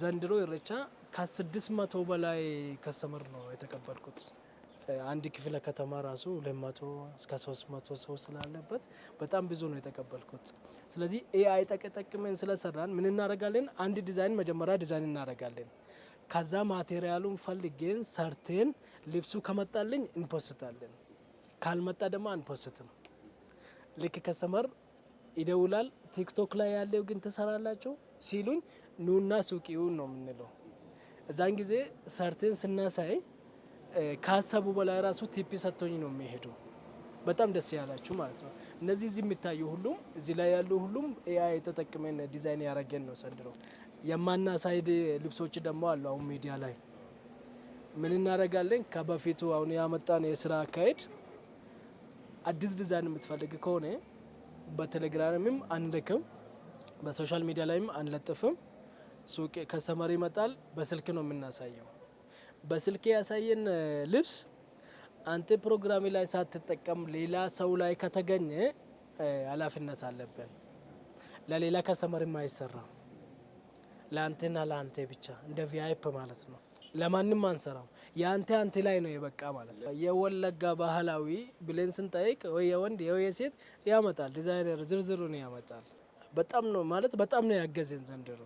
ዘንድሮ ኢሬቻ ከ600 በላይ ከስተመር ነው የተቀበልኩት። አንድ ክፍለ ከተማ ራሱ 200 እስከ 300 ሰው ስላለበት በጣም ብዙ ነው የተቀበልኩት። ስለዚህ ኤአይ ተጠቅመን ስለሰራን ምን እናደርጋለን? አንድ ዲዛይን መጀመሪያ ዲዛይን እናደርጋለን። ከዛ ማቴሪያሉን ፈልገን ሰርቴን ልብሱ ከመጣልኝ እንፖስታለን፣ ካልመጣ ደግሞ አንፖስትም። ልክ ከስተመር ይደውላል። ቲክቶክ ላይ ያለው ግን ትሰራላቸው ሲሉኝ ኑና ሱቂውን ነው የምንለው። እዛን ጊዜ ሰርቴን ስናሳይ ካሰቡ በላይ ራሱ ቲፒ ሰጥቶኝ ነው የሚሄዱ። በጣም ደስ ያላችሁ ማለት ነው። እነዚህ እዚህ የሚታዩ ሁሉም እዚህ ላይ ያሉ ሁሉም ኤአይ የተጠቅመን ዲዛይን ያደረገን ነው። ሰንድሮ የማና ሳይድ ልብሶች ደግሞ አሉ። አሁን ሚዲያ ላይ ምን እናደርጋለን? ከበፊቱ አሁን ያመጣን የስራ አካሄድ አዲስ ዲዛይን የምትፈልግ ከሆነ በቴሌግራምም አንልክም፣ በሶሻል ሚዲያ ላይም አንለጥፍም። ሱቅ ከስተመር ይመጣል፣ በስልክ ነው የምናሳየው። በስልክ ያሳየን ልብስ አንተ ፕሮግራም ላይ ሳትጠቀም ሌላ ሰው ላይ ከተገኘ ኃላፊነት አለብን። ለሌላ ከስተመርም አይሰራም፣ ለአንተና ለአንተ ብቻ እንደ ቪአይፕ ማለት ነው። ለማንም አንሰራም። የአንተ አንተ ላይ ነው የበቃ ማለት ነው። የወለጋ ባህላዊ ብለን ስንጠይቅ ወይ የወንድ ወይ የሴት ያመጣል። ዲዛይነር ዝርዝሩን ያመጣል። በጣም ነው ማለት በጣም ነው ያገዘን ዘንድሮ።